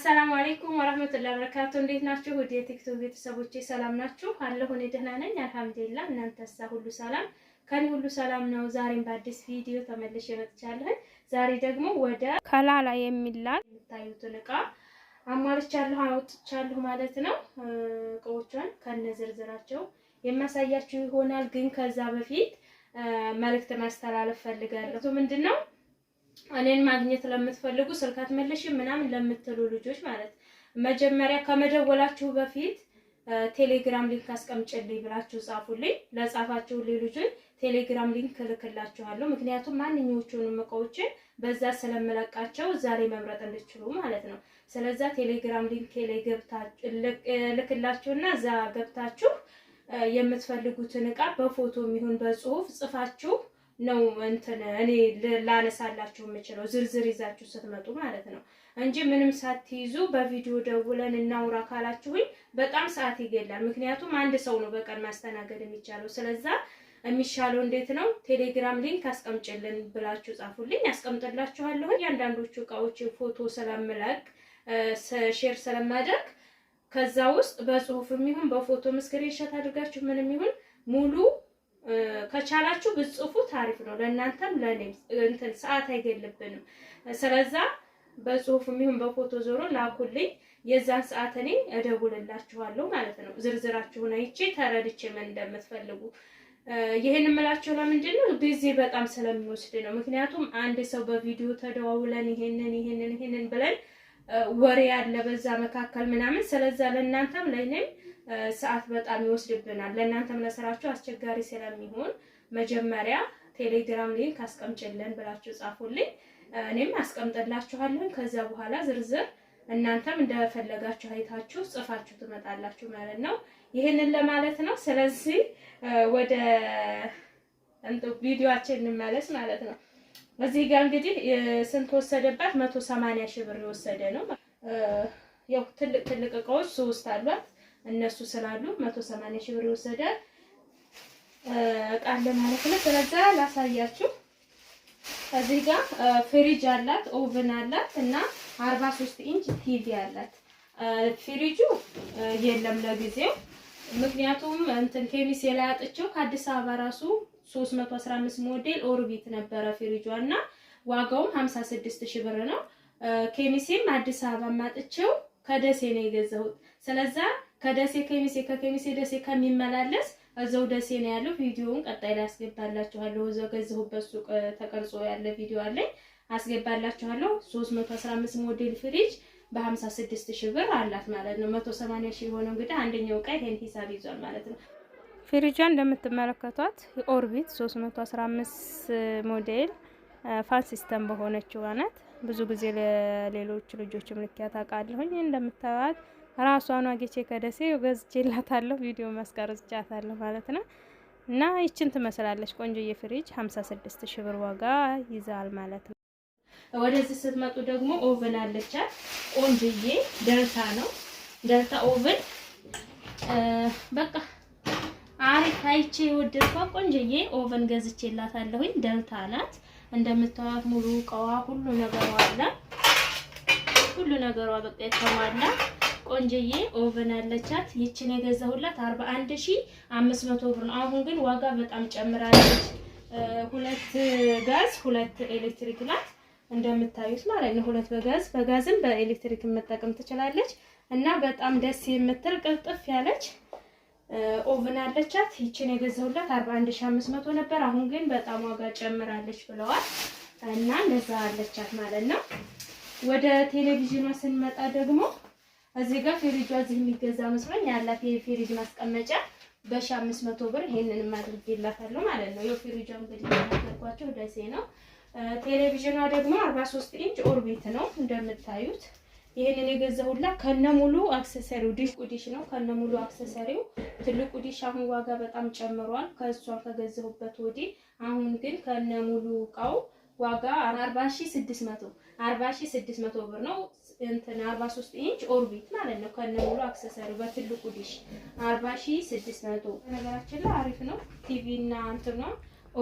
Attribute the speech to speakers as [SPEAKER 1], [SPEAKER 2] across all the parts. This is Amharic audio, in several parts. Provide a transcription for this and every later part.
[SPEAKER 1] አሰላሙ አሌይኩም ወረህመቱላሂ በረካቱ። እንዴት ናችሁ? ውድ የቲክቶክ ቤተሰቦቼ ሰላም ናችሁ? አለሁ እኔ ደህና ነኝ አልሐምዱሊላህ። እናንተሳ ሁሉ ሰላም? ከኔ ሁሉ ሰላም ነው። ዛሬም በአዲስ ቪዲዮ ተመልሼ መጥቻለሁ። ዛሬ ደግሞ ወደ
[SPEAKER 2] ከላላ የሚላክ
[SPEAKER 1] የምታዩትን እቃ አሟልቻለሁ፣ አውጥቻለሁ ማለት ነው። እቃዎቿን ከነዝርዝራቸው የማሳያችሁ ይሆናል። ግን ከዛ በፊት መልእክት ማስተላለፍ ፈልጋለሁ። ምንድን ነው እኔን ማግኘት ለምትፈልጉ ስልክ አትመልሽም ምናምን ለምትሉ ልጆች ማለት መጀመሪያ ከመደወላችሁ በፊት ቴሌግራም ሊንክ አስቀምጭልኝ ብላችሁ ጻፉልኝ። ለጻፋችሁልኝ ልጆች ቴሌግራም ሊንክ እልክላችኋለሁ። ምክንያቱም ማንኛዎቹንም እቃዎችን በዛ ስለምለቃቸው እዛ ላይ መምረጥ እንድችሉ ማለት ነው። ስለዛ ቴሌግራም ሊንክ ላይ ገብታችሁ ልክላችሁና እዛ ገብታችሁ የምትፈልጉትን እቃ በፎቶ የሚሆን በጽሁፍ ጽፋችሁ ነው እንትን እኔ ላነሳላችሁ የምችለው ዝርዝር ይዛችሁ ስትመጡ ማለት ነው እንጂ ምንም ሳትይዙ በቪዲዮ ደውለን እናውራ ካላችሁኝ በጣም ሰዓት ይገላል። ምክንያቱም አንድ ሰው ነው በቀን ማስተናገድ የሚቻለው። ስለዛ የሚሻለው እንዴት ነው? ቴሌግራም ሊንክ አስቀምጭልን ብላችሁ ጻፉልኝ፣ ያስቀምጥላችኋለሁ። እያንዳንዶቹ እቃዎች ፎቶ ስለምለቅ ሼር ስለማደርግ ከዛ ውስጥ በጽሁፍም ይሁን በፎቶ ምስክር ሸት አድርጋችሁ ምንም ይሁን ሙሉ ከቻላችሁ ብጽፉ ታሪፍ ነው ለእናንተም ለኔ እንትን ሰዓት አይገልብንም። ስለዛ በጽሁፍ የሚሆን በፎቶ ዞሮ ላኩልኝ። የዛን ሰዓት እኔ እደውልላችኋለሁ ማለት ነው። ዝርዝራችሁን አይቼ ተረድቼ ምን እንደምትፈልጉ ይህን እምላችሁ ለምንድን ነው ጊዜ በጣም ስለሚወስድ ነው። ምክንያቱም አንድ ሰው በቪዲዮ ተደዋውለን ይሄንን ይሄንን ይሄንን ብለን ወሬ ያለ በዛ መካከል ምናምን ስለዛ ለእናንተም ለእኔም ሰዓት በጣም ይወስድብናል። ለእናንተም ለስራችሁ አስቸጋሪ ስለሚሆን መጀመሪያ ቴሌግራም ሊንክ አስቀምጭልን ብላችሁ ጻፉልኝ፣ እኔም አስቀምጥላችኋለሁ። ከዛ በኋላ ዝርዝር እናንተም እንደፈለጋችሁ አይታችሁ ጽፋችሁ ትመጣላችሁ ማለት ነው። ይህንን ለማለት ነው። ስለዚህ ወደ ቪዲዮአችን እንመለስ ማለት ነው። እዚህ ጋር እንግዲህ ስንት ወሰደባት? መቶ ሰማንያ ሺህ ብር የወሰደ ነው። ያው ትልቅ ትልቅ እቃዎች ሶስት አሏት እነሱ ስላሉ 180 ሺህ ብር የወሰደ እቃ ማለት ነው። ስለዛ ላሳያችሁ። እዚህ ጋር ፍሪጅ አላት፣ ኦቭን አላት እና 43 ኢንች ቲቪ አላት። ፍሪጁ የለም ለጊዜው ምክንያቱም እንትን ላይ የላያጥቸው ከአዲስ አበባ ራሱ 315 ሞዴል ኦርቢት ነበረ ፍሪጇ እና ዋጋውም 56 ሺህ ብር ነው። ኬሚሴም አዲስ አበባ ማጥቸው ከደሴ ነው የገዛሁት። ስለዛ ከደሴ ከሚሴ ከከሚሴ ደሴ ከሚመላለስ እዛው ደሴ ነው ያለው። ቪዲዮውን ቀጣይ ላይ አስገባላችኋለሁ። እዛው ገዝሁበት ሱቅ ተቀርጾ ያለ ቪዲዮ አለኝ አስገባላችኋለሁ። 315 ሞዴል ፍሪጅ በ56 ሺህ ብር አላት ማለት ነው። 180 ሺህ የሆነው እንግዲህ አንደኛው ቀይ ይሄን ሂሳብ ይዟል ማለት ነው።
[SPEAKER 2] ፍሪጃ እንደምትመለከቷት የኦርቢት 315 ሞዴል ፋን ሲስተም በሆነችው አነት ብዙ ጊዜ ለሌሎች ልጆችም ልኪያት አውቃለሁኝ እንደምታዩት ራሷን አግቼ ከደሴ ገዝቼላታለሁ ቪዲዮ ማስቀርጫታለሁ ማለት ነው። እና ይችን ትመስላለች ቆንጆዬ የፍሪጅ 56 ሺህ ብር ዋጋ ይዛል ማለት ነው።
[SPEAKER 1] ወደዚህ ስትመጡ ደግሞ ኦቨን አለቻት ቆንጆዬ ደልታ ነው ደልታ ኦቨን በቃ አሪፍ አይቼ የወደድኳት ቆንጆዬ ኦቨን ገዝቼላታለሁኝ። ደልታ ናት እንደምታዩት ሙሉ እቃዋ ሁሉ ነገሯ አለ ሁሉ ነገሯ በቃ የተሟላ ቆንጆዬ ኦቨን አለቻት። ይችን የገዛሁላት 41500 ብር ነው። አሁን ግን ዋጋ በጣም ጨምራለች። ሁለት ጋዝ ሁለት ኤሌክትሪክ ናት እንደምታዩት ማለት ነው። ሁለት በጋዝ በጋዝም በኤሌክትሪክ መጠቀም ትችላለች እና በጣም ደስ የምትል ቅልጥፍ ያለች ኦቭን አለቻት። ይችን የገዛሁላት 41500 ነበር። አሁን ግን በጣም ዋጋ ጨምራለች ብለዋል እና እንደዛ አለቻት ማለት ነው። ወደ ቴሌቪዥኗ ስንመጣ ደግሞ እዚህ ጋር ፍሪጇ እዚህ የሚገዛ መስሎኝ ያላት የፍሪጅ ማስቀመጫ በ አምስት መቶ ብር ይሄንንም አድርጌላታለሁ ማለት ነው። የፍሪጇ እንግዲህ ያደርኳቸው ደሴ ነው። ቴሌቪዥኗ ደግሞ 43 ኢንች ኦርቢት ነው እንደምታዩት። ይሄንን የገዛሁላ ከነሙሉ አክሰሰሪው ዲሽ ቁዲሽ ነው ከነሙሉ አክሰሰሪው። ትልቁ ዲሽ አሁን ዋጋ በጣም ጨምሯል ከእሷ ከገዛሁበት ወዲህ። አሁን ግን ከነሙሉ እቃው ዋጋ 40600 40600 ብር ነው። እንትን 43 ኢንች ኦርቢት ማለት ነው ከነ ሙሉ አክሰሰሪ በትልቁ ዲሽ 40600። ነገራችን ላይ አሪፍ ነው ቲቪ እና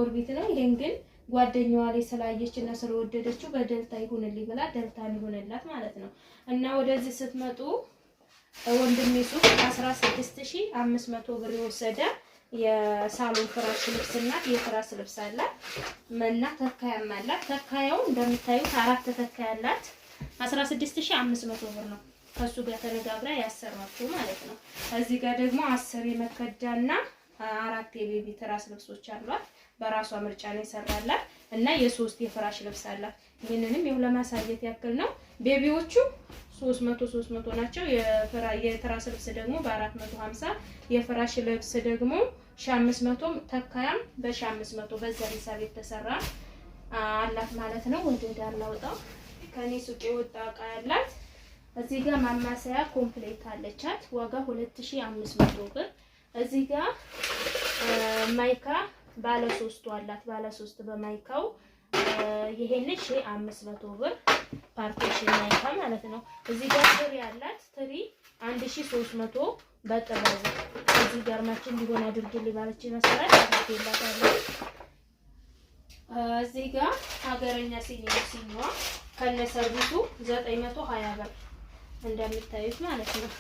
[SPEAKER 1] ኦርቢት ነው። ይሄን ግን ጓደኛዋ ላይ ስላየች እና ስለወደደችው በደልታ ይሁንልኝ ብላ ደልታ ይሁንላት ማለት ነው። እና ወደዚህ ስትመጡ ወንድሜ ሱፍ 16500 ብር የወሰደ የሳሎን ፍራሽ ልብስና ልብስ አላት እና ተካያም አላት። ተካያው እንደምታዩት አራት 16500 ብር ነው። ከሱ ጋር ተነጋግራ ያሰራችሁ ማለት ነው። እዚህ ጋር ደግሞ አስር የመከዳና አራት የቤቢ ትራስ ልብሶች አሏት። በራሷ ምርጫ ነው ይሰራላት እና የሶስት የፍራሽ ልብስ አላት። ይህንንም ይኸው ለማሳየት ያክል ነው። ቤቢዎቹ 300 300 ናቸው። የፍራ የትራስ ልብስ ደግሞ በ450 የፍራሽ ልብስ ደግሞ 500 ተካያም በ500 በዛ ሂሳብ የተሰራ አላት ማለት ነው። ወደ ዳር ላውጣው ከኔ ሱቅ የወጣ እቃ ያላት እዚህ ጋር ማማሰያ ኮምፕሌት አለቻት ዋጋ 2500 ብር። እዚህ ጋር ማይካ ባለ 3 አላት ባለ 3 በማይካው ይሄን 500 ብር ፓርቲሽን ማይካ ማለት ነው። እዚህ ጋር ትሪ አላት ትሪ 1300 በጥበብ እዚህ ጋር ማችን ሊሆን አድርግልኝ ባለች መሰረት አድርጌላታለሁ። እዚህ ጋር ሀገረኛ ሲኒ ሲኒዋ ከነ ሰርቪሱ 920 ብር እንደምታዩት ማለት ነው።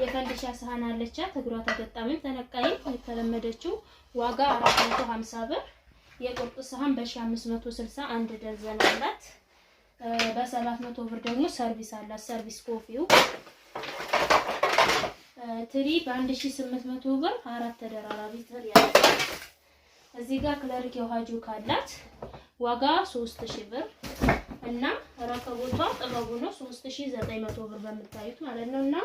[SPEAKER 1] የፈንዲሻ ሰሃን አለቻት። እግሯ ተገጣሚም ተነቃይ የተለመደችው ዋጋ 450 ብር። የቁርጥ ሰሃን በ አንድ ደርዘን አላት። በ700 ብር ደግሞ ሰርቪስ አላት። ሰርቪስ ኮፊው ትሪ በ1800 ብር አራት ተደራራቢ ትሪ ያላት። እዚህ ጋር ክለርክ የውሃ ጁክ አላት። ዋጋ 3000 ብር እና ረከቦቷ ጥበቡ ነው 3900 ብር በምታዩት ማለት ነው። እና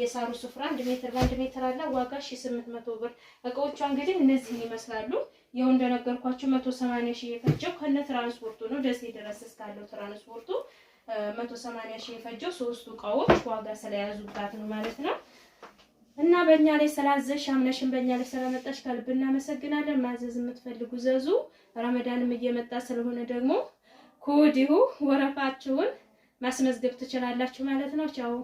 [SPEAKER 1] የሳሩ ስፍራ 1 ሜትር በ1 ሜትር አለ ዋጋ 1800 ብር። እቃዎቿ እንግዲህ እነዚህን ይመስላሉ። ያው እንደነገርኳችሁ 180 ሺህ የፈጀው ከነ ትራንስፖርቱ ነው። ደሴ ድረስ እስካለው ትራንስፖርቱ 180 ሺህ የፈጀው ሶስቱ እቃዎች ዋጋ ስለያዙባት ነው ማለት ነው። በእኛ ላይ ስላዘሽ አምነሽን በእኛ ላይ ስለመጣሽ ከልብ እናመሰግናለን። ማዘዝ የምትፈልጉ ዘዙ። ረመዳንም እየመጣ ስለሆነ ደግሞ ከወዲሁ ወረፋችሁን ማስመዝገብ ትችላላችሁ ማለት ነው። ቻው